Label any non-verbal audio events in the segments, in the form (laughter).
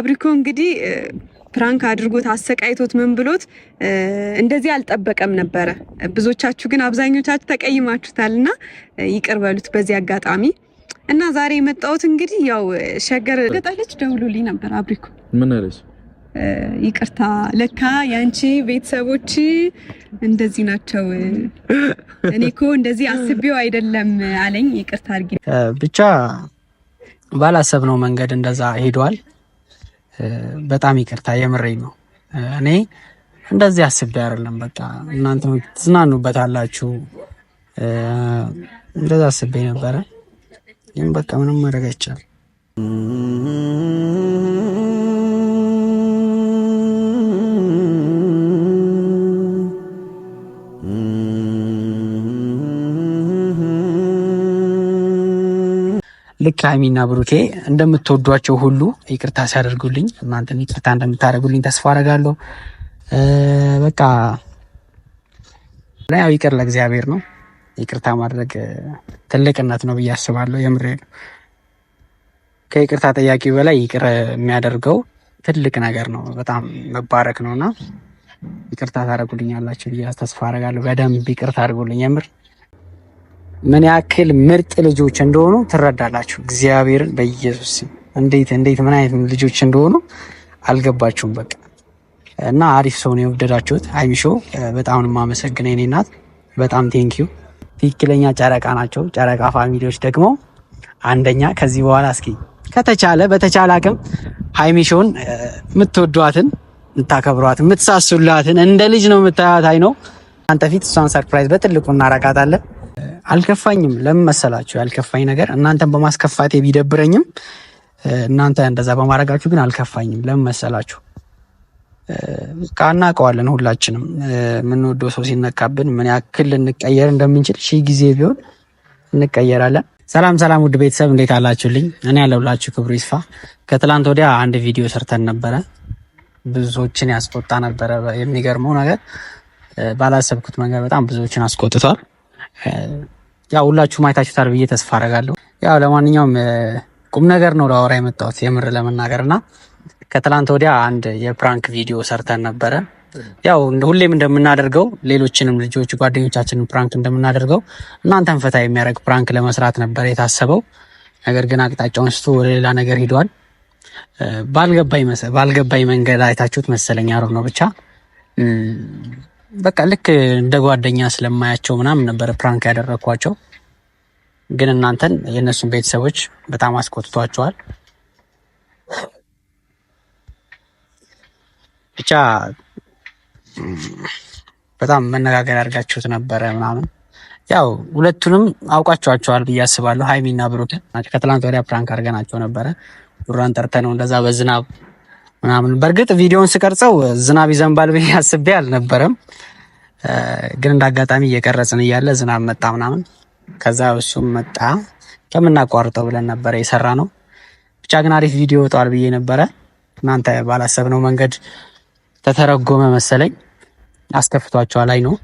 አብሪኮ እንግዲህ ፕራንክ አድርጎት አሰቃይቶት ምን ብሎት እንደዚህ አልጠበቀም ነበረ። ብዙዎቻችሁ ግን አብዛኞቻችሁ ተቀይማችሁታልና ይቅር በሉት በዚህ አጋጣሚ እና ዛሬ የመጣሁት እንግዲህ ያው ሸገር ገጠለች ደውሎልኝ ነበር። አብሪኮ ምን አለች? ይቅርታ ለካ ያንቺ ቤተሰቦች እንደዚህ ናቸው። እኔ እኮ እንደዚህ አስቤው አይደለም አለኝ። ይቅርታ አድርጊ ብቻ ባላሰብነው መንገድ እንደዛ ሄዷል። በጣም ይቅርታ፣ የምሬ ነው። እኔ እንደዚህ አስቤ አይደለም። በቃ እናንተ ትዝናኑበት አላችሁ፣ እንደዛ አስቤ ነበረ። ይህም በቃ ምንም ማድረግ አይቻልም። ልክ ሀይሚና ብሩኬ እንደምትወዷቸው ሁሉ ይቅርታ ሲያደርጉልኝ እናንተም ይቅርታ እንደምታደርጉልኝ ተስፋ አደርጋለሁ። በቃ ላይ ይቅር ለእግዚአብሔር ነው። ይቅርታ ማድረግ ትልቅነት ነው ብዬ አስባለሁ። የምሬ ነው። ከይቅርታ ጠያቂ በላይ ይቅር የሚያደርገው ትልቅ ነገር ነው። በጣም መባረክ ነውና ይቅርታ ታደርጉልኛላችሁ ብዬ ተስፋ አደርጋለሁ። በደንብ ይቅርታ አድርጉልኝ የምር ምን ያክል ምርጥ ልጆች እንደሆኑ ትረዳላችሁ። እግዚአብሔርን በኢየሱስ እንዴት እንዴት ምን አይነት ልጆች እንደሆኑ አልገባችሁም። በቃ እና አሪፍ ሰው ነው የወደዳችሁት። አይሚሾ በጣም የማመሰግነ የኔ እናት በጣም ቴንኪዩ። ትክክለኛ ጨረቃ ናቸው። ጨረቃ ፋሚሊዎች ደግሞ አንደኛ። ከዚህ በኋላ እስኪ ከተቻለ በተቻለ አቅም ሀይሚሾን የምትወዷትን የምታከብሯትን የምትሳሱላትን እንደ ልጅ ነው የምታያት። አይ ነው አንተ ፊት እሷን ሰርፕራይዝ በትልቁ እናረጋታለን። አልከፋኝም። ለምን መሰላችሁ? ያልከፋኝ ነገር እናንተን በማስከፋቴ ቢደብረኝም እናንተ እንደዛ በማድረጋችሁ ግን አልከፋኝም። ለምን መሰላችሁ? እናውቀዋለን ሁላችንም የምንወደው ሰው ሲነካብን ምን ያክል ልንቀየር እንደምንችል ሺህ ጊዜ ቢሆን እንቀየራለን። ሰላም ሰላም፣ ውድ ቤተሰብ እንዴት አላችሁልኝ? እኔ ያለሁላችሁ ክብሩ ይስፋ። ከትላንት ወዲያ አንድ ቪዲዮ ሰርተን ነበረ፣ ብዙዎችን ያስቆጣ ነበረ። የሚገርመው ነገር ባላሰብኩት መንገድ በጣም ብዙዎችን አስቆጥቷል። ያው ሁላችሁ ማየታችሁታል ብዬ ተስፋ አደርጋለሁ። ያው ለማንኛውም ቁም ነገር ነው ለአወራ የመጣሁት የምር ለመናገር እና ከትላንት ወዲያ አንድ የፕራንክ ቪዲዮ ሰርተን ነበረ። ያው ሁሌም እንደምናደርገው ሌሎችንም ልጆች ጓደኞቻችንን ፕራንክ እንደምናደርገው እናንተን ፈታ የሚያደርግ ፕራንክ ለመስራት ነበረ የታሰበው። ነገር ግን አቅጣጫውን ስቶ ወደ ሌላ ነገር ሂዷል። ባልገባኝ መንገድ አይታችሁት መሰለኝ ነው ብቻ በቃ ልክ እንደ ጓደኛ ስለማያቸው ምናምን ነበረ ፕራንክ ያደረግኳቸው። ግን እናንተን የእነሱን ቤተሰቦች በጣም አስቆጥቷቸዋል። ብቻ በጣም መነጋገር አድርጋችሁት ነበረ ምናምን። ያው ሁለቱንም አውቃቸዋቸዋል ብዬ አስባለሁ። ሀይሚና ብሩክ ከትላንት ወዲያ ፕራንክ አድርገናቸው ነበረ። ዱራን ጠርተነው እንደዛ በዝናብ ምናምን። በእርግጥ ቪዲዮውን ስቀርጸው ዝናብ ይዘንባል ብዬ አስቤ አልነበረም፣ ግን እንደ አጋጣሚ እየቀረጽን እያለ ዝናብ መጣ ምናምን። ከዛ እሱም መጣ ከምናቋርጠው ብለን ነበረ የሰራ ነው። ብቻ ግን አሪፍ ቪዲዮ ወጣዋል ብዬ ነበረ። እናንተ ባላሰብነው መንገድ ተተረጎመ መሰለኝ። አስከፍቷቸዋ ላይ ነው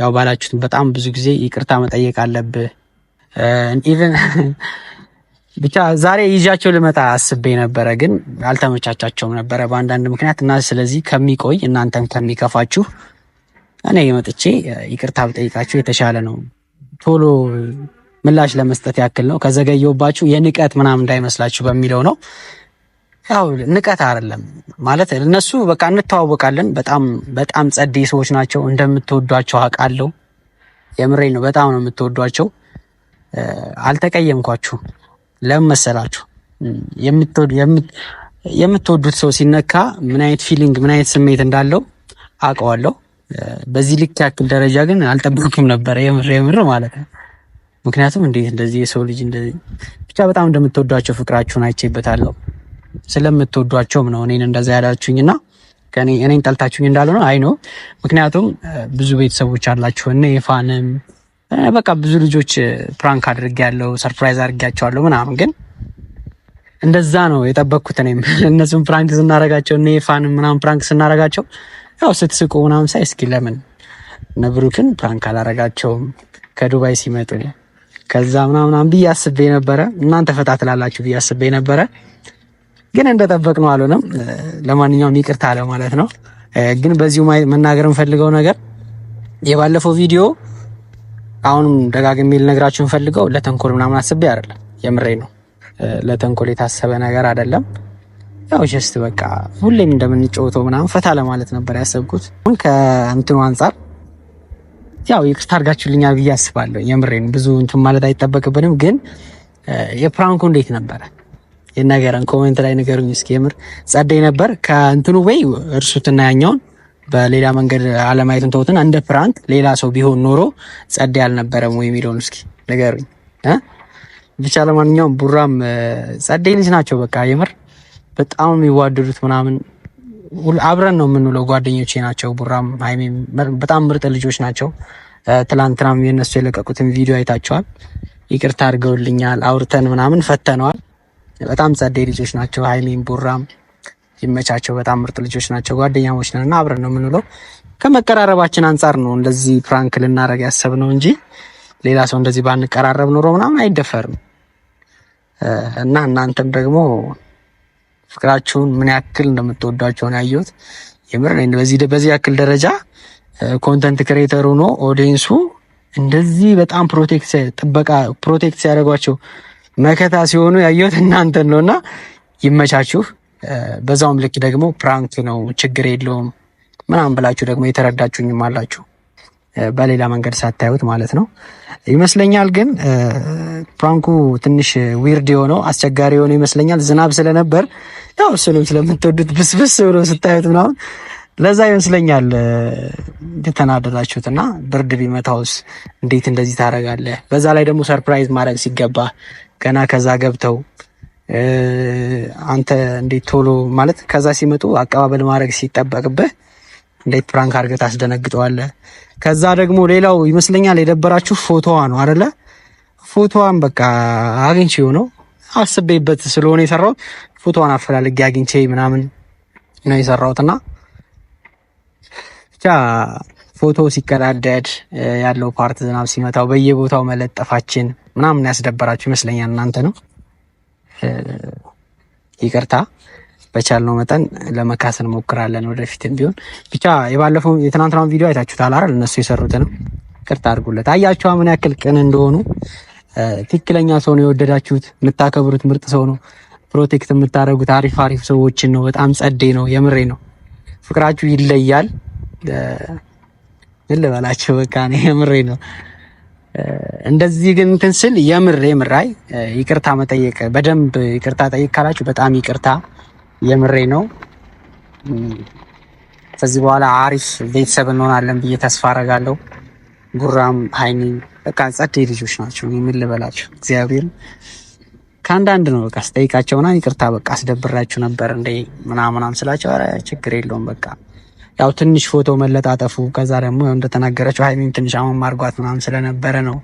ያው ባላችሁትን በጣም ብዙ ጊዜ ይቅርታ መጠየቅ አለብህ ኢቨን (laughs) ብቻ ዛሬ ይዣቸው ልመጣ አስቤ ነበረ፣ ግን አልተመቻቻቸውም ነበረ በአንዳንድ ምክንያት እና ስለዚህ ከሚቆይ እናንተም ከሚከፋችሁ እኔ መጥቼ ይቅርታ ብጠይቃችሁ የተሻለ ነው። ቶሎ ምላሽ ለመስጠት ያክል ነው። ከዘገየውባችሁ የንቀት ምናምን እንዳይመስላችሁ በሚለው ነው። ያው ንቀት አይደለም ማለት እነሱ በቃ እንተዋወቃለን። በጣም በጣም ጸዴ ሰዎች ናቸው። እንደምትወዷቸው አውቃለሁ። የምሬ ነው። በጣም ነው የምትወዷቸው። አልተቀየምኳችሁም። ለምን መሰላችሁ? የምትወዱት ሰው ሲነካ ምን አይነት ፊሊንግ ምን አይነት ስሜት እንዳለው አውቀዋለሁ። በዚህ ልክ ያክል ደረጃ ግን አልጠብቅም ነበረ፣ የምር የምር ማለት ነው። ምክንያቱም እንዴት እንደዚህ የሰው ልጅ እንደዚህ ብቻ በጣም እንደምትወዷቸው ፍቅራችሁን አይቼበታለሁ። ስለምትወዷቸውም ነው እኔን እንደዛ ያላችሁኝና እኔን ጠልታችሁኝ እንዳልሆነ አይ ነው። ምክንያቱም ብዙ ቤተሰቦች አላችሁ እነ የፋንም በቃ ብዙ ልጆች ፕራንክ አድርጌያለሁ፣ ሰርፕራይዝ አድርጌያቸዋለሁ ምናምን ግን እንደዛ ነው የጠበቅኩት። እኔም (laughs) እነሱም ፕራንክ ስናረጋቸው እኔ ፋን ምናምን ፕራንክ ስናረጋቸው ያው ስትስቁ ምናምን ሳይ እስኪ ለምን ነብሩክን ፕራንክ አላረጋቸውም ከዱባይ ሲመጡ ከዛ ምናምናም ብዬ አስቤ ነበረ። እናንተ ፈታ ትላላችሁ ብዬ አስቤ ነበረ፣ ግን እንደጠበቅ ነው አልሆነም። ለማንኛውም ይቅርታ አለ ማለት ነው። ግን በዚሁ መናገር የምፈልገው ነገር የባለፈው ቪዲዮ አሁንም ደጋግሜ ልነግራችሁ ፈልገው ለተንኮል ምናምን አስቤ አይደለም፣ የምሬ ነው። ለተንኮል የታሰበ ነገር አይደለም። ያው ጀስት በቃ ሁሌም እንደምንጫወተው ምናምን ፈታ ለማለት ነበር ያሰብኩት። አሁን ከእንትኑ አንጻር ያው ይቅርታ አድርጋችሁልኛል ብዬ አስባለሁ። የምሬ ነው። ብዙ እንትን ማለት አይጠበቅብንም። ግን የፕራንኩ እንዴት ነበረ? የነገረን ኮሜንት ላይ ነገሩኝ እስኪ። የምር ጸደይ ነበር ከእንትኑ ወይ እርሱትና ያኛውን በሌላ መንገድ አለማየቱን ተውትን፣ እንደ ፕራንክ ሌላ ሰው ቢሆን ኖሮ ጸዴ አልነበረም ወይ የሚለውን እስኪ ንገሩኝ። ብቻ ለማንኛውም ቡራም ጸዴ ልጅ ናቸው። በቃ የምር በጣም የሚዋደዱት ምናምን አብረን ነው የምንውለው። ጓደኞቼ ናቸው። ቡራም በጣም ምርጥ ልጆች ናቸው። ትላንትናም የነሱ የለቀቁትን ቪዲዮ አይታቸዋል። ይቅርታ አድርገውልኛል። አውርተን ምናምን ፈተነዋል። በጣም ጸዴ ልጆች ናቸው። ሀይሜም ቡራም ይመቻቸው። በጣም ምርጥ ልጆች ናቸው። ጓደኛሞች ነን እና አብረን ነው የምንውለው። ከመቀራረባችን አንጻር ነው እንደዚህ ፕራንክ ልናደርግ ያሰብነው እንጂ ሌላ ሰው እንደዚህ ባንቀራረብ ኖሮ ምናምን አይደፈርም። እና እናንተም ደግሞ ፍቅራችሁን ምን ያክል እንደምትወዷቸውን ነው ያየሁት። የምር በዚህ በዚህ ያክል ደረጃ ኮንተንት ክሬተር ሆኖ ኦዲየንሱ እንደዚህ በጣም ፕሮቴክት ጥበቃ ፕሮቴክት ሲያደርጓቸው መከታ ሲሆኑ ያየሁት እናንተን ነውና ይመቻችሁ። በዛውም ልክ ደግሞ ፕራንክ ነው ችግር የለውም ምናምን ብላችሁ ደግሞ የተረዳችሁኝም አላችሁ በሌላ መንገድ ሳታዩት ማለት ነው ይመስለኛል። ግን ፕራንኩ ትንሽ ዊርድ የሆነው አስቸጋሪ የሆነው ይመስለኛል ዝናብ ስለነበር ያው እሱንም ስለምትወዱት ብስብስ ብሎ ስታዩት ምናምን ለዛ ይመስለኛል እንደተናደዳችሁት እና ብርድ ቢመታውስ እንዴት እንደዚህ ታደርጋለህ? በዛ ላይ ደግሞ ሰርፕራይዝ ማድረግ ሲገባ ገና ከዛ ገብተው አንተ እንዴት ቶሎ ማለት ከዛ ሲመጡ አቀባበል ማድረግ ሲጠበቅብህ እንዴት ፕራንክ አድርገህ ታስደነግጠዋለህ። ከዛ ደግሞ ሌላው ይመስለኛል የደበራችሁ ፎቶዋ ነው አደለ? ፎቶዋን በቃ አግኝቼው ነው አስቤበት ስለሆነ የሰራሁት ፎቶዋን አፈላልጌ አግኝቼ ምናምን ነው የሰራሁትና ብቻ ፎቶ ሲቀዳደድ ያለው ፓርት ዝናብ ሲመታው በየቦታው መለጠፋችን ምናምን ያስደበራችሁ ይመስለኛል እናንተ ነው። ይቅርታ በቻልነው መጠን ለመካሰን ሞክራለን። ወደፊትም ቢሆን ብቻ። የባለፈው የትናንትናውን ቪዲዮ አይታችሁታል አይደል? እነሱ የሰሩት ነው። ይቅርታ አድርጉለት። አያችኋ ምን ያክል ቅን እንደሆኑ። ትክክለኛ ሰው ነው የወደዳችሁት፣ የምታከብሩት ምርጥ ሰው ነው። ፕሮቴክት የምታደርጉት አሪፍ አሪፍ ሰዎችን ነው። በጣም ጸዴ ነው። የምሬ ነው። ፍቅራችሁ ይለያል። ምን ልበላችሁ፣ በቃ የምሬ ነው። እንደዚህ ግን እንትን ስል የምር የምራይ ይቅርታ መጠየቅ በደንብ ይቅርታ ጠይቅ ካላችሁ በጣም ይቅርታ የምሬ ነው። ከዚህ በኋላ አሪፍ ቤተሰብ እንሆናለን ብዬ ተስፋ አረጋለሁ። ጉራም ሀይኒ በቃ ጸዴ ልጆች ናቸው። ምን እግዚአብሔር ከአንዳንድ ነው በቃ ስጠይቃቸውና ይቅርታ በቃ አስደብራችሁ ነበር እንደ ምናምናም ስላቸው ችግር የለውም በቃ ያው ትንሽ ፎቶ መለጣጠፉ ከዛ ደግሞ እንደተናገረችው ሀይሚም ትንሽ አሁን ማርጓት ምናምን ስለነበረ ነው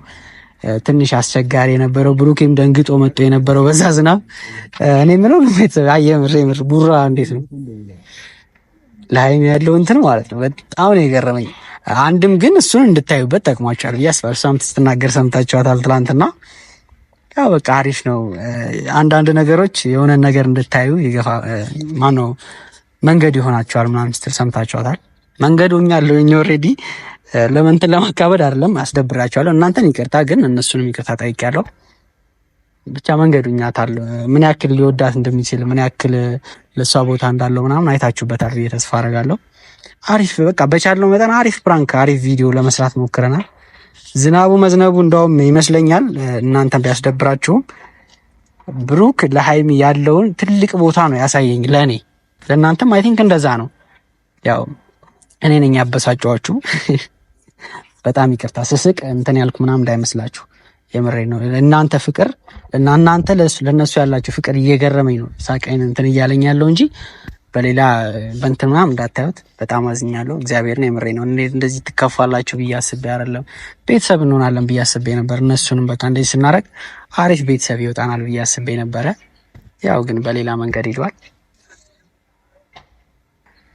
ትንሽ አስቸጋሪ የነበረው። ብሩኬም ደንግጦ መጥቶ የነበረው በዛ ዝናብ። እኔ የምለው ቤተሰብ ምር ምር ቡራ እንዴት ነው ለሀይሚ ያለው እንትን ማለት ነው በጣም ነው የገረመኝ። አንድም ግን እሱን እንድታዩበት ጠቅሟቸዋል ብዬ አስባለሁ። እሷም ስትናገር ሰምታችኋታል ትላንትና። ያው በቃ አሪፍ ነው። አንዳንድ ነገሮች የሆነ ነገር እንድታዩ ይገፋ ማነው መንገድ ይሆናቸዋል ምናምን ስትል ሰምታችኋታል። መንገዱ እኛ አለኝ ኦልሬዲ ለመንትን ለማካበድ አይደለም አስደብራቸዋለሁ። እናንተን ይቅርታ ግን እነሱንም ይቅርታ ጠይቄያለሁ። ብቻ መንገዱኛ ታል ምን ያክል ሊወዳት እንደሚችል ምን ያክል ለእሷ ቦታ እንዳለው ምናምን አይታችሁበታል ብዬ ተስፋ አደርጋለሁ። አሪፍ በቃ በቻለው መጠን አሪፍ ፕራንክ፣ አሪፍ ቪዲዮ ለመስራት ሞክረናል። ዝናቡ መዝነቡ እንደውም ይመስለኛል እናንተን ቢያስደብራችሁም ብሩክ ለሀይሚ ያለውን ትልቅ ቦታ ነው ያሳየኝ ለእኔ ለእናንተም አይ ቲንክ እንደዛ ነው። ያው እኔ ነኝ ያበሳጨዋችሁ። (laughs) በጣም ይቅርታ ስስቅ እንትን ያልኩ ምናምን እንዳይመስላችሁ የምሬ ነው። እናንተ ፍቅር እናንተ ለእነሱ ያላችሁ ፍቅር እየገረመኝ ነው ሳቀይን እንትን እያለኝ ያለው እንጂ በሌላ በእንትን ምናምን እንዳታዩት። በጣም አዝኛለሁ። እግዚአብሔርን የምሬ ነው። እንደዚህ ትከፋላችሁ ብዬ አስቤ አይደለም። ቤተሰብ እንሆናለን ብዬ አስቤ ነበር። እነሱንም በቃ እንደዚህ ስናደርግ አሪፍ ቤተሰብ ይወጣናል ብዬ አስቤ ነበረ። ያው ግን በሌላ መንገድ ይሏል።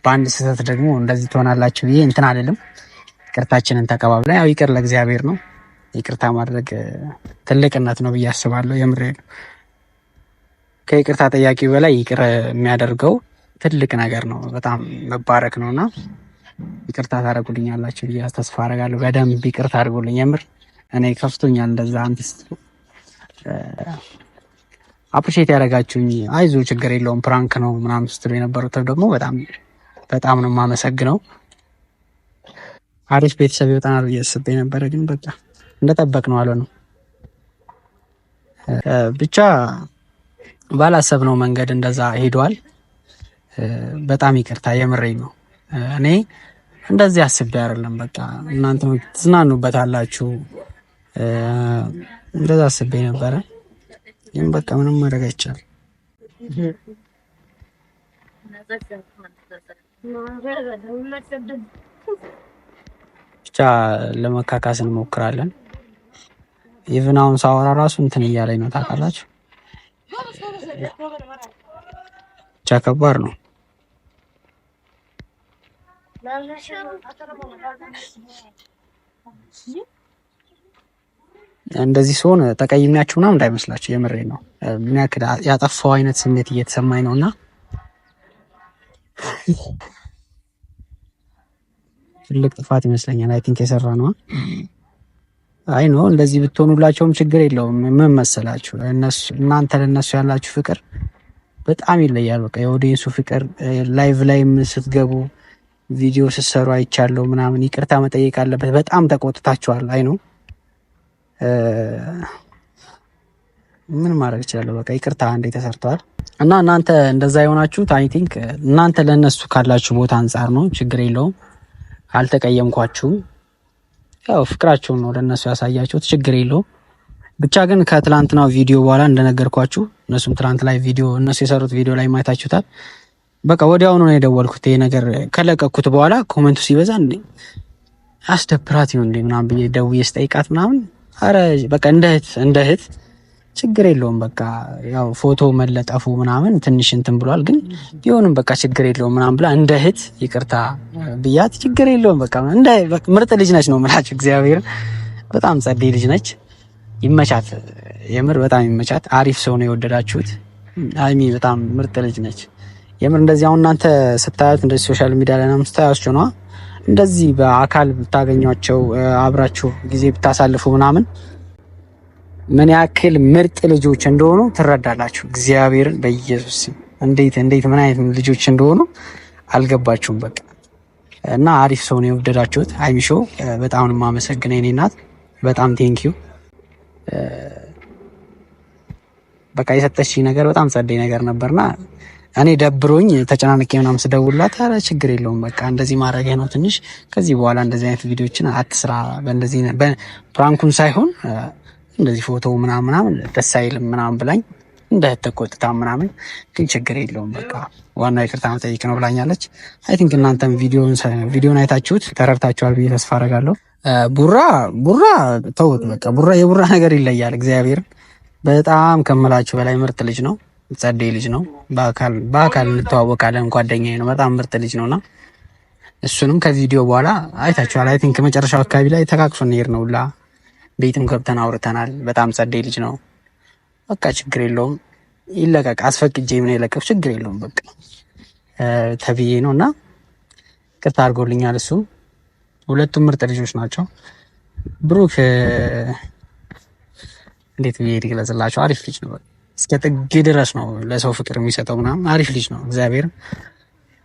በአንድ ስህተት ደግሞ እንደዚህ ትሆናላችሁ ብዬ እንትን አልልም። ይቅርታችንን ተቀባብለ ያው ይቅር ለእግዚአብሔር ነው። ይቅርታ ማድረግ ትልቅነት ነው ብዬ አስባለሁ። የምሬ ከይቅርታ ጠያቂ በላይ ይቅር የሚያደርገው ትልቅ ነገር ነው። በጣም መባረክ ነው እና ይቅርታ ታደርጉልኛላችሁ ብዬ ተስፋ አደርጋለሁ። በደንብ ይቅርታ አድርጉልኝ። የምር እኔ ከፍቶኛል። እንደዛ አንትስ አፕሪሼት ያደረጋችሁኝ አይዞ ችግር የለውም ፕራንክ ነው ምናምን ስትሉ የነበሩት ደግሞ በጣም በጣም ነው የማመሰግነው። አሪፍ ቤተሰብ ይወጣናል ብዬ የነበረ ግን በቃ አለ ነው ብቻ ነው መንገድ እንደዛ ሄዷል። በጣም ይቅርታ፣ የምረኝ ነው። እኔ እንደዚህ አስቤ አይደለም። በቃ እናንተ ትዝናኑበት አላችሁ፣ እንደዛ አስቤ ነበረ፣ ይህም በቃ ምንም ማድረግ አይቻልም። ብቻ ለመካካስ እንሞክራለን። ይብን አሁን ሳወራ ራሱ እንትን እያለኝ ነው ታውቃላችሁ። ብቻ ከባድ ነው። እንደዚህ ሲሆን ተቀይሚያችሁ ምናምን እንዳይመስላችሁ፣ የምሬ ነው። ምን ያክል ያጠፋው አይነት ስሜት እየተሰማኝ ነው እና ትልቅ ጥፋት ይመስለኛል። አይ ቲንክ የሰራ ነው አይ ኖ እንደዚህ ብትሆኑላቸውም ችግር የለውም። ምን መሰላችሁ እናንተ ለእነሱ ያላችሁ ፍቅር በጣም ይለያል። በቃ የኦዲየንሱ ፍቅር ላይቭ ላይም ስትገቡ ቪዲዮ ስትሰሩ አይቻለው ምናምን ይቅርታ መጠየቅ አለበት። በጣም ተቆጥታችኋል። አይ ነው ምን ማድረግ እችላለሁ። በቃ ይቅርታ አንዴ ተሰርተዋል። እና እናንተ እንደዛ የሆናችሁት አይ ቲንክ እናንተ ለእነሱ ካላችሁ ቦታ አንጻር ነው። ችግር የለውም አልተቀየምኳችሁም። ያው ፍቅራችሁን ነው ለእነሱ ያሳያችሁት፣ ችግር የለውም። ብቻ ግን ከትላንትናው ቪዲዮ በኋላ እንደነገርኳችሁ እነሱም ትላንት ላይ ቪዲዮ እነሱ የሰሩት ቪዲዮ ላይ ማየታችሁታል። በቃ ወዲያውኑ ነው የደወልኩት ይሄ ነገር ከለቀኩት በኋላ ኮመንቱ ሲበዛ እንዴ አስደብራት ይሁን እንዴ ምናምን ብዬ ደውዬ ስጠይቃት ምናምን አረ በቃ እንደ እህት እንደ እህት ችግር የለውም በቃ ያው ፎቶ መለጠፉ ምናምን ትንሽ እንትን ብሏል፣ ግን ቢሆንም በቃ ችግር የለውም ምናምን ብላ እንደ እህት ይቅርታ ብያት ችግር የለውም በቃ እንደ ምርጥ ልጅ ነች ነው የምላችሁ። እግዚአብሔር በጣም ጸዴ ልጅ ነች። ይመቻት፣ የምር በጣም ይመቻት። አሪፍ ሰው ነው የወደዳችሁት። ሀይሚ በጣም ምርጥ ልጅ ነች የምር። እንደዚህ አሁን እናንተ ስታያት እንደዚህ ሶሻል ሚዲያ ላይ ምናምን ስታያችሁ ነዋ እንደዚህ በአካል ብታገኟቸው አብራችሁ ጊዜ ብታሳልፉ ምናምን ምን ያክል ምርጥ ልጆች እንደሆኑ ትረዳላችሁ። እግዚአብሔርን በኢየሱስ እንዴት እንዴት ምን አይነት ልጆች እንደሆኑ አልገባችሁም። በቃ እና አሪፍ ሰው ነው የወደዳችሁት። አይሚሾ በጣም ነው የማመሰግነው እናት፣ በጣም ቴንኪዩ። በቃ የሰጠችኝ ነገር በጣም ጸደይ ነገር ነበርና እኔ ደብሮኝ ተጨናንቄ ምናምን ስደውላት፣ ኧረ ችግር የለውም በቃ እንደዚህ ማድረግ ነው ትንሽ ከዚህ በኋላ እንደዚህ አይነት ቪዲዮችን አትስራ፣ በእንደዚህ ፕራንኩን ሳይሆን እንደዚህ ፎቶ ምናምን ደስ አይልም ምናምን ብላኝ እንዳትቆጥታ ምናምን ግን ችግር የለውም በቃ ዋና ይቅርታ መጠይቅ ነው ብላኛለች። አይ ቲንክ እናንተም ቪዲዮን አይታችሁት ተረድታችኋል ብዬ ተስፋ አደርጋለሁ። ቡራ ቡራ ተውት በቃ ቡራ የቡራ ነገር ይለያል። እግዚአብሔር በጣም ከምላችሁ በላይ ምርጥ ልጅ ነው፣ ጸዴ ልጅ ነው። በአካል እንተዋወቃለን፣ ጓደኛ ነው። በጣም ምርጥ ልጅ ነውና እሱንም ከቪዲዮ በኋላ አይታችኋል። አይ ቲንክ መጨረሻው አካባቢ ላይ ተቃቅሶ እንሄድ ነው ላ ቤትም ገብተን አውርተናል። በጣም ጸደይ ልጅ ነው። በቃ ችግር የለውም ይለቀቅ። አስፈቅጄ ምን የለቀቅ ችግር የለውም በቃ ተብዬ ነው እና ቅርታ አድርጎልኛል። እሱ ሁለቱም ምርጥ ልጆች ናቸው። ብሩክ እንዴት ብዬ ልግለጽላቸው? አሪፍ ልጅ ነው። እስከ ጥግ ድረስ ነው ለሰው ፍቅር የሚሰጠው ምናምን አሪፍ ልጅ ነው። እግዚአብሔር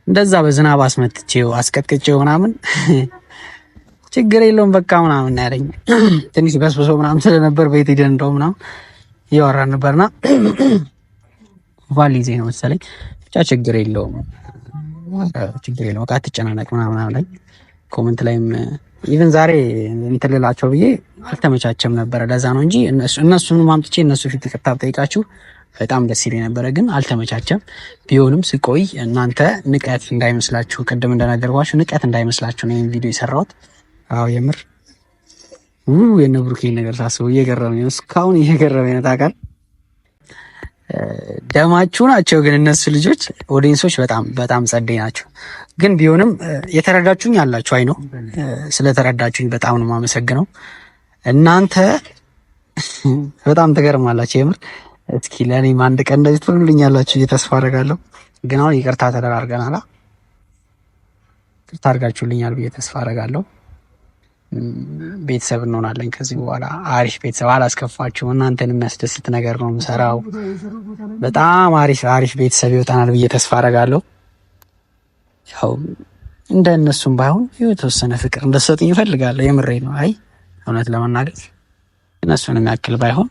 እንደዛ በዝናብ አስመትቼው አስቀጥቅጬው ምናምን ችግር የለውም በቃ ምናምን ያለኝ (clears throat) ትንሽ በስብሶ ምናምን ስለነበር ቤት ሄደን እንደው ምናምን እያወራን ነበርና ቫሊ (clears throat) ዜ ነው መሰለኝ ብቻ ችግር የለውም ችግር የለውም በቃ አትጨናነቅ ምናምን አለኝ። ኮመንት ላይም ኢቨን ዛሬ እንትን ልላቸው ብዬ አልተመቻቸም ነበረ። ለዛ ነው እንጂ እነሱን ማምጥቼ እነሱ ፊት ይቅርታ ጠይቃችሁ በጣም ደስ ይል የነበረ፣ ግን አልተመቻቸም። ቢሆንም ስቆይ እናንተ ንቀት እንዳይመስላችሁ፣ ቅድም እንደነገርኳችሁ ንቀት እንዳይመስላችሁ ነው ይህን ቪዲዮ የሰራሁት። አዎ የምር ውይ የእነ ብሩኬን ነገር ሳስበው እየገረመኝ ነው። እስካሁን እየገረመኝ ነው። ታውቃለህ ደማችሁ ናቸው ግን እነሱ ልጆች ኦዲንሶች በጣም በጣም ጸደይ ናቸው። ግን ቢሆንም የተረዳችሁኝ አላችሁ። አይ ነው ስለተረዳችሁኝ በጣም ነው የማመሰግነው። እናንተ (laughs) በጣም ትገርማላችሁ የምር። እስኪ ለእኔም አንድ ቀን እንደዚህ ትሆኑልኛላችሁ እየተስፋ አደርጋለሁ። ግን አሁን ይቅርታ ተደራርገናላ፣ ይቅርታ አድርጋችሁልኛል ብዬ ተስፋ አደርጋለሁ። ቤተሰብ እንሆናለን ከዚህ በኋላ አሪፍ ቤተሰብ አላስከፋችሁ፣ እናንተን የሚያስደስት ነገር ነው የምሰራው። በጣም አሪፍ አሪፍ ቤተሰብ ይወጣናል ብዬ ተስፋ አረጋለሁ ያው እንደ እነሱም ባይሆን የተወሰነ ፍቅር እንደሰጡኝ ይፈልጋለሁ። የምሬ ነው። አይ እውነት ለመናገር እነሱን የሚያክል ባይሆን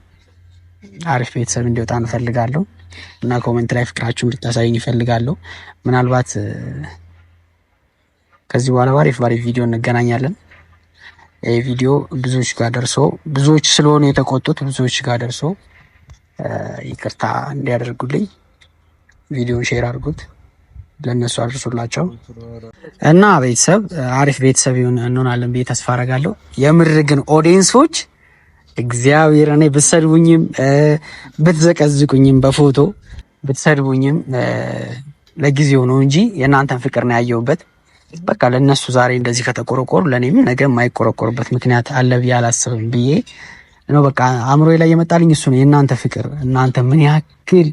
አሪፍ ቤተሰብ እንዲወጣ እንፈልጋለሁ እና ኮመንት ላይ ፍቅራችሁ እንድታሳዩኝ ይፈልጋለሁ። ምናልባት ከዚህ በኋላ ባሪፍ ባሪፍ ቪዲዮ እንገናኛለን። ይህ ቪዲዮ ብዙዎች ጋር ደርሶ ብዙዎች ስለሆኑ የተቆጡት ብዙዎች ጋር ደርሶ ይቅርታ እንዲያደርጉልኝ ቪዲዮን ሼር አድርጉት፣ ለእነሱ አድርሱላቸው እና ቤተሰብ አሪፍ ቤተሰብ እንሆናለን ብዬ ተስፋ አረጋለሁ። የምር ግን ኦዲየንሶች እግዚአብሔር እኔ ብትሰድቡኝም ብትዘቀዝቁኝም በፎቶ ብትሰድቡኝም ለጊዜው ነው እንጂ የእናንተን ፍቅር ነው ያየሁበት። በቃ ለእነሱ ዛሬ እንደዚህ ከተቆረቆሩ ለእኔም ነገ የማይቆረቆሩበት ምክንያት አለ ብዬ አላስብም ብዬ ነው። በቃ አእምሮ ላይ የመጣልኝ እሱ ነው። የእናንተ ፍቅር እናንተ ምን ያክል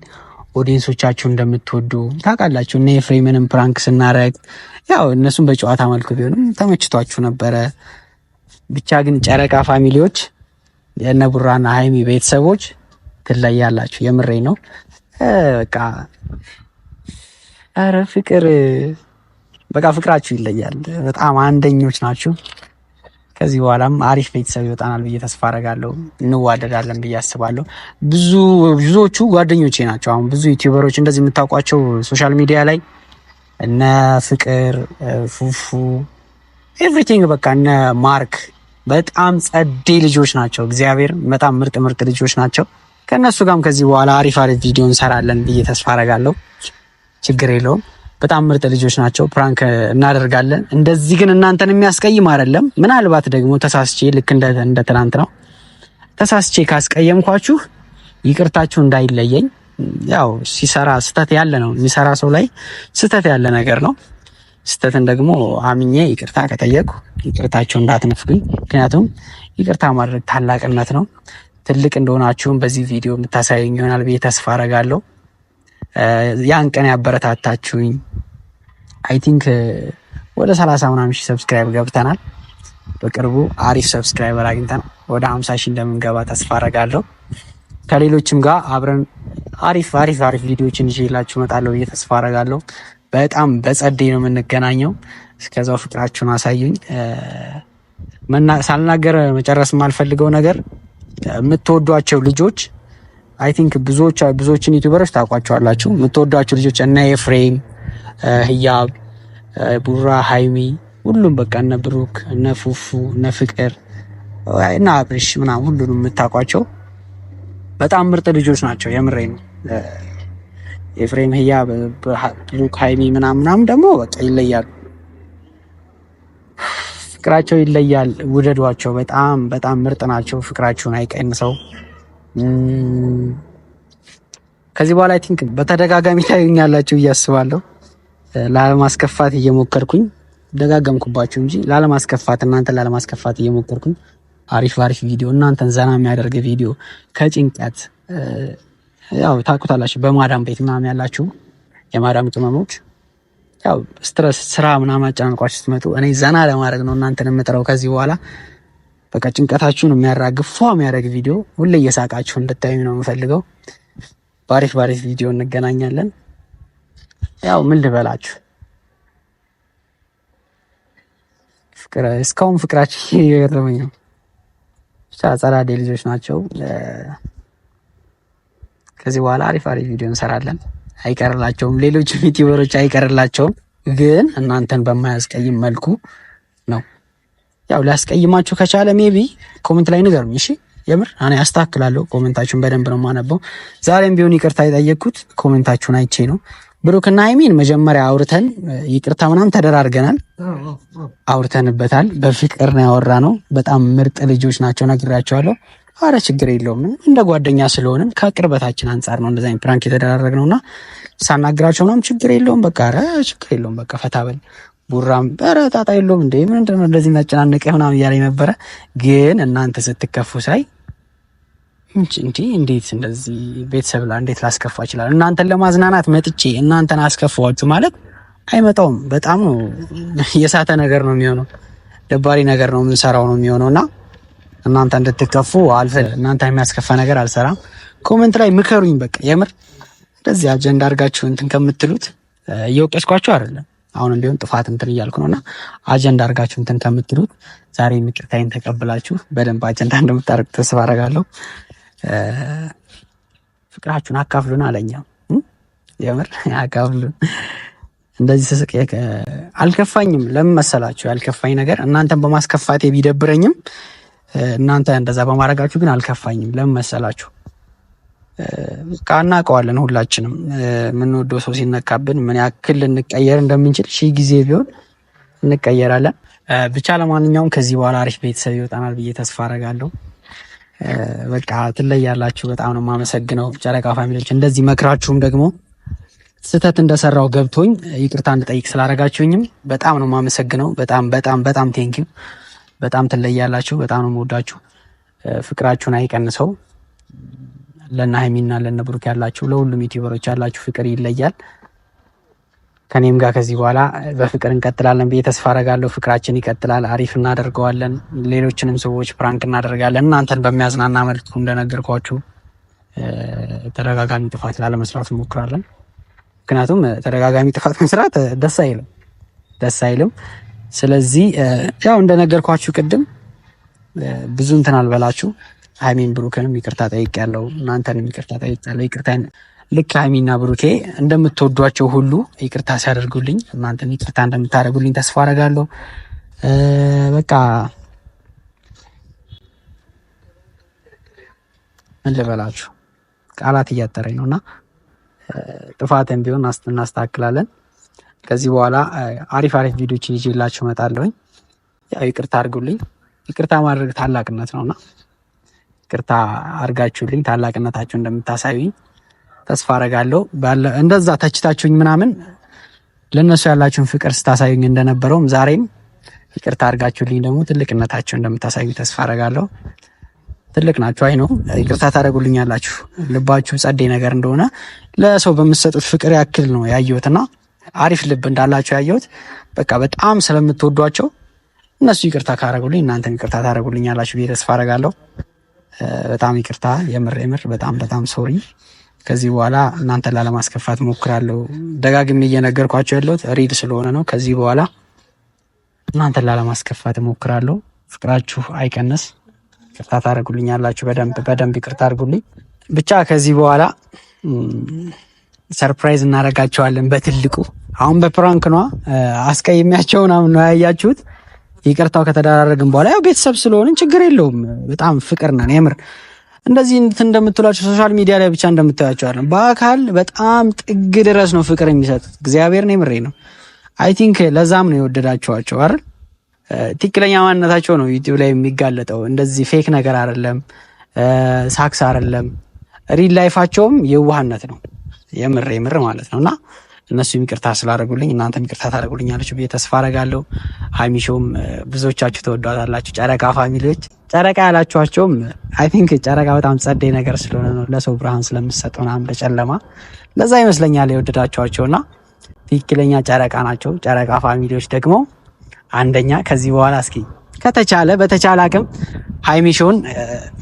ኦዲየንሶቻችሁ እንደምትወዱ ታውቃላችሁ። እና የፍሬምንም ፕራንክ ስናረግ ያው እነሱም በጨዋታ መልኩ ቢሆንም ተመችቷችሁ ነበረ። ብቻ ግን ጨረቃ ፋሚሊዎች፣ የእነ ቡራና ሀይሚ ቤተሰቦች ትለያላችሁ። የምሬ ነው በቃ አረ ፍቅር በቃ ፍቅራችሁ ይለያል። በጣም አንደኞች ናችሁ። ከዚህ በኋላም አሪፍ ቤተሰብ ይወጣናል ብዬ ተስፋ አረጋለሁ። እንዋደዳለን ብዬ አስባለሁ። ብዙ ብዙዎቹ ጓደኞቼ ናቸው። አሁን ብዙ ዩቲዩበሮች እንደዚህ የምታውቋቸው ሶሻል ሚዲያ ላይ እነ ፍቅር ፉፉ ኤቭሪቲንግ በቃ እነ ማርክ በጣም ጸዴ ልጆች ናቸው። እግዚአብሔር በጣም ምርጥ ምርጥ ልጆች ናቸው። ከእነሱ ጋርም ከዚህ በኋላ አሪፍ አሪፍ ቪዲዮ እንሰራለን ብዬ ተስፋ አረጋለሁ። ችግር የለውም። በጣም ምርጥ ልጆች ናቸው። ፕራንክ እናደርጋለን። እንደዚህ ግን እናንተን የሚያስቀይም አይደለም። ምናልባት ደግሞ ተሳስቼ ልክ እንደ ትናንት ነው ተሳስቼ ካስቀየምኳችሁ ይቅርታችሁ እንዳይለየኝ። ያው ሲሰራ ስህተት ያለ ነው። የሚሰራ ሰው ላይ ስህተት ያለ ነገር ነው። ስህተትን ደግሞ አምኜ ይቅርታ ከጠየቁ ይቅርታችሁ እንዳትነፍጉኝ። ምክንያቱም ይቅርታ ማድረግ ታላቅነት ነው። ትልቅ እንደሆናችሁም በዚህ ቪዲዮ የምታሳየኝ ይሆናል ብዬ ተስፋ አረጋለሁ። ያን ቀን ያበረታታችሁኝ አይ ቲንክ ወደ ሰላሳ ምናምን ሺህ ሰብስክራይብ ገብተናል። በቅርቡ አሪፍ ሰብስክራይበር አግኝተን ወደ ሀምሳ ሺህ እንደምንገባ ተስፋ አረጋለሁ። ከሌሎችም ጋር አብረን አሪፍ አሪፍ አሪፍ ቪዲዮዎችን ይዤላችሁ እመጣለሁ ብዬ ተስፋ አረጋለሁ። በጣም በጸደይ ነው የምንገናኘው። እስከዛው ፍቅራችሁን አሳዩኝ። ሳልናገር መጨረስ የማልፈልገው ነገር የምትወዷቸው ልጆች አይ ቲንክ ብዙዎች ብዙዎችን ዩቲዩበሮች ታውቋቸዋላችሁ የምትወዷቸው ልጆች እና ኤፍሬም ህያብ፣ ቡራ፣ ሀይሚ ሁሉም በቃ እነ ብሩክ፣ እነ ፉፉ፣ እነ ፍቅር እና አብርሽ ምናምን ሁሉንም የምታውቋቸው በጣም ምርጥ ልጆች ናቸው። የምሬ ነው። ኤፍሬም፣ ህያብ፣ ብሩክ፣ ሀይሚ ምናምናም ደግሞ በቃ ይለያሉ። ፍቅራቸው ይለያል። ውደዷቸው። በጣም በጣም ምርጥ ናቸው። ፍቅራችሁን አይቀንሰው። ከዚህ በኋላ አይ ቲንክ በተደጋጋሚ ታዩኛላችሁ ብዬ አስባለሁ። ላለማስከፋት እየሞከርኩኝ ደጋገምኩባችሁ እንጂ ላለማስከፋት እናንተ ላለማስከፋት እየሞከርኩኝ አሪፍ አሪፍ ቪዲዮ እናንተን ዘና የሚያደርግ ቪዲዮ ከጭንቀት ያው ታውቁታላችሁ። በማዳም ቤት ምናምን ያላችሁ የማዳም ቅመሞች ያው ስትረስ ስራ ምናምን አጨናንቋችሁ ስትመጡ እኔ ዘና ለማድረግ ነው እናንተን የምጥረው ከዚህ በኋላ በቃ ጭንቀታችሁን የሚያራግፍ ፏ የሚያደርግ ቪዲዮ ሁሌ እየሳቃችሁ እንድታዩ ነው የምፈልገው። ባሪፍ ባሪፍ ቪዲዮ እንገናኛለን። ያው ምን ልበላችሁ እስካሁን ፍቅራችሁ (laughs) እየገረመኝ ነው። ብቻ ጸዳዴ ልጆች ናቸው። ከዚህ በኋላ አሪፍ አሪፍ ቪዲዮ እንሰራለን። አይቀርላቸውም፣ ሌሎች ዩቲዩበሮች (laughs) አይቀርላቸውም፣ ግን እናንተን በማያስቀይም መልኩ ነው። ያው ሊያስቀይማችሁ ከቻለ ሜቢ ኮሜንት ላይ ንገሩኝ። እሺ የምር እኔ አስተካክላለሁ። ኮሜንታችሁን በደንብ ነው የማነበው። ዛሬም ቢሆን ይቅርታ የጠየቅኩት ኮሜንታችሁን አይቼ ነው። ብሩክና ሀይሚን መጀመሪያ አውርተን ይቅርታ ምናምን ተደራርገናል፣ አውርተንበታል። በፍቅር ነው ያወራ ነው። በጣም ምርጥ ልጆች ናቸው፣ ነግሬያቸዋለሁ። አረ ችግር የለውም እንደ ጓደኛ ስለሆንም ከቅርበታችን አንጻር ነው እንደዚ ፕራንክ የተደራረግ ነውና ሳናግራቸው ምናምን ችግር የለውም። በቃ አረ ችግር የለውም በቃ ፈታ በል ቡራም ኧረ ጣጣ የለውም እንደ ምንድነው እንደዚህ መጨናነቅ ምናምን እያለኝ ነበረ። ግን እናንተ ስትከፉ ሳይ እንዲ እንዴት እንደዚህ ቤተሰብ ላ እንዴት ላስከፋ ይችላል? እናንተን ለማዝናናት መጥቼ እናንተን አስከፋዋችሁ ማለት አይመጣውም። በጣም የሳተ ነገር ነው የሚሆነው፣ ደባሪ ነገር ነው የምንሰራው ነው የሚሆነው እና እናንተ እንድትከፉ እናንተ የሚያስከፋ ነገር አልሰራም። ኮመንት ላይ ምከሩኝ። በቃ የምር እንደዚህ አጀንዳ አድርጋችሁ እንትን ከምትሉት እየወቀስኳችሁ አይደለም አሁን እንዲሁም ጥፋት እንትን እያልኩ ነው እና አጀንዳ አድርጋችሁ እንትን ከምትሉት ዛሬ ምቅርታይን ተቀብላችሁ በደንብ አጀንዳ እንደምታደርግ ተስፋ አደርጋለሁ። ፍቅራችሁን አካፍሉን አለኛ። የምር አካፍሉን። እንደዚህ ስስቅ አልከፋኝም። ለምን መሰላችሁ ያልከፋኝ ነገር እናንተን በማስከፋቴ ቢደብረኝም እናንተ እንደዛ በማድረጋችሁ ግን አልከፋኝም። ለምን መሰላችሁ እናውቀዋለን ሁላችንም የምንወደው ሰው ሲነካብን ምን ያክል ልንቀየር እንደምንችል ሺህ ጊዜ ቢሆን እንቀየራለን። ብቻ ለማንኛውም ከዚህ በኋላ አሪፍ ቤተሰብ ይወጣናል ብዬ ተስፋ አደርጋለሁ። በቃ ትለያላችሁ። በጣም ነው የማመሰግነው ጨረቃ ፋሚሊዎች። እንደዚህ መክራችሁም ደግሞ ስህተት እንደሰራው ገብቶኝ ይቅርታ እንድጠይቅ ስላደረጋችሁኝም በጣም ነው የማመሰግነው። በጣም በጣም በጣም ቴንኪዩ። በጣም ትለያላችሁ። በጣም ነው የምወዳችሁ። ፍቅራችሁን አይቀንሰው። ለነ ሀይሚና ለነ ያላችሁ ለሁሉም ዩቲዩበሮች ያላችሁ ፍቅር ይለያል። ከኔም ጋር ከዚህ በኋላ በፍቅር እንቀጥላለን ብዬ ተስፋ አረጋለሁ። ፍቅራችን ይቀጥላል። አሪፍ እናደርገዋለን። ሌሎችንም ሰዎች ፕራንክ እናደርጋለን። እናንተን በሚያዝናና መልኩ እንደነገርኳችሁ ተደጋጋሚ ጥፋት ላለመስራት እንሞክራለን። ምክንያቱም ተደጋጋሚ ጥፋት መስራት ደስ አይልም ደስ አይልም። ስለዚህ ያው እንደነገርኳችሁ ቅድም ብዙ እንትን አልበላችሁ ሀይሚን ብሩክንም ይቅርታ ጠይቅ ያለው እናንተንም ይቅርታ ጠይቅ ያለው ይቅርታ ልክ ሀይሚና ብሩኬ እንደምትወዷቸው ሁሉ ይቅርታ ሲያደርጉልኝ እናንተም ይቅርታ እንደምታደርጉልኝ ተስፋ አደርጋለሁ። በቃ ምን ልበላችሁ ቃላት እያጠረኝ ነው እና ጥፋትን ቢሆን እናስተካክላለን። ከዚህ በኋላ አሪፍ አሪፍ ቪዲዮችን ይዤላችሁ እመጣለሁኝ። ያው ይቅርታ አድርጉልኝ። ይቅርታ ማድረግ ታላቅነት ነው እና ቅርታ አርጋችሁልኝ ታላቅነታችሁ እንደምታሳዩኝ ተስፋ አረጋለሁ። እንደዛ ተችታችሁኝ ምናምን ለእነሱ ያላችሁን ፍቅር ስታሳዩኝ እንደነበረውም ዛሬም ይቅርታ አድርጋችሁልኝ ደግሞ ትልቅነታችሁ እንደምታሳዩ ተስፋ አረጋለሁ። ትልቅ ናችሁ። አይ ነው ይቅርታ ያላችሁ ልባችሁ ጸዴ ነገር እንደሆነ ለሰው በምትሰጡት ፍቅር ያክል ነው ያየሁትና አሪፍ ልብ እንዳላችሁ ያየሁት። በቃ በጣም ስለምትወዷቸው እነሱ ይቅርታ ካረጉልኝ እናንተም ይቅርታ ታደርጉልኛላችሁ ብዬ ተስፋ አረጋለሁ። በጣም ይቅርታ፣ የምር የምር በጣም በጣም ሶሪ። ከዚህ በኋላ እናንተ ላለማስከፋት ሞክራለሁ። ደጋግሜ እየነገርኳቸው ያለሁት ሪል ስለሆነ ነው። ከዚህ በኋላ እናንተ ላለማስከፋት ሞክራለሁ። ፍቅራችሁ አይቀንስ። ይቅርታ ያላችሁ በደንብ በደንብ ይቅርታ አድርጉልኝ። ብቻ ከዚህ በኋላ ሰርፕራይዝ እናደርጋቸዋለን በትልቁ። አሁን በፕራንክ ነዋ አስቀይሜያቸው ምናምን ነው ያያችሁት። ይቅርታው ከተደራረግን በኋላ ያው ቤተሰብ ስለሆንን ችግር የለውም። በጣም ፍቅር ነን የምር እንደዚህ እንትን እንደምትሏቸው ሶሻል ሚዲያ ላይ ብቻ እንደምታያቸዋለን። በአካል በጣም ጥግ ድረስ ነው ፍቅር እግዚአብሔር ነው የምሬ ነው። አይ ቲንክ ለዛም ነው የወደዳቸዋቸው አይደል? ትክክለኛ ማንነታቸው ነው ዩቲብ ላይ የሚጋለጠው። እንደዚህ ፌክ ነገር አይደለም፣ ሳክስ አይደለም። ሪል ላይፋቸውም የዋህነት ነው የምር የምር ማለት ነውና እነሱ ይቅርታ ስላደረጉልኝ እናንተ ይቅርታ ታደረጉልኛለች ብዬ ተስፋ አረጋለሁ። ሀይሚሾም ብዙዎቻችሁ ተወዷታላችሁ። ጨረቃ ፋሚሊዎች ጨረቃ ያላችኋቸውም አይ ቲንክ ጨረቃ በጣም ጸደይ ነገር ስለሆነ ነው ለሰው ብርሃን ስለምሰጠው ምናምን ለጨለማ ለዛ ይመስለኛል የወደዳችኋቸውና ትክክለኛ ጨረቃ ናቸው። ጨረቃ ፋሚሊዎች ደግሞ አንደኛ ከዚህ በኋላ እስኪ ከተቻለ በተቻለ አቅም ሀይሚሾን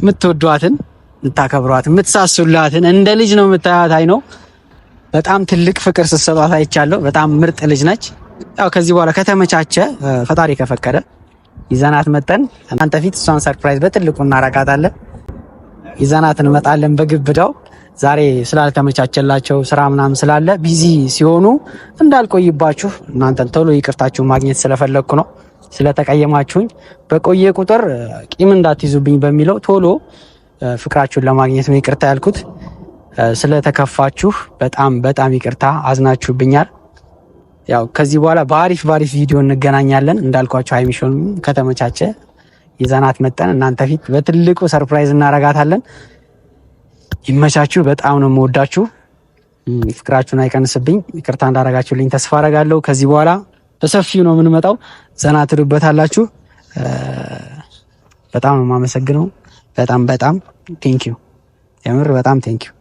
የምትወዷትን የምታከብሯትን የምትሳሱላትን እንደ ልጅ ነው የምታያት አይ ነው በጣም ትልቅ ፍቅር ስትሰጧት አይቻለሁ። በጣም ምርጥ ልጅ ነች። ያው ከዚህ በኋላ ከተመቻቸ ፈጣሪ ከፈቀደ ይዘናት መጠን አንተ ፊት እሷን ሰርፕራይዝ በትልቁ እናረጋታለን። ይዘናት እንመጣለን በግብዳው። ዛሬ ስላልተመቻቸላቸው ስራ ምናምን ስላለ ቢዚ ሲሆኑ እንዳልቆይባችሁ እናንተን ቶሎ ይቅርታችሁን ማግኘት ስለፈለግኩ ነው። ስለተቀየማችሁኝ በቆየ ቁጥር ቂም እንዳትይዙብኝ በሚለው ቶሎ ፍቅራችሁን ለማግኘት ነው ይቅርታ ያልኩት። ስለተከፋችሁ በጣም በጣም ይቅርታ፣ አዝናችሁብኛል። ያው ከዚህ በኋላ በአሪፍ በአሪፍ ቪዲዮ እንገናኛለን። እንዳልኳቸው ሀይሚሾን ከተመቻቸ ይዘናት መጠን እናንተ ፊት በትልቁ ሰርፕራይዝ እናረጋታለን። ይመቻችሁ። በጣም ነው የምወዳችሁ። ፍቅራችሁን አይቀንስብኝ። ይቅርታ እንዳረጋችሁልኝ ተስፋ አረጋለሁ። ከዚህ በኋላ በሰፊው ነው የምንመጣው። ዘና ትሉበታላችሁ። በጣም ነው የማመሰግነው። በጣም በጣም ቴንኪዩ የምር በጣም ቴንኪው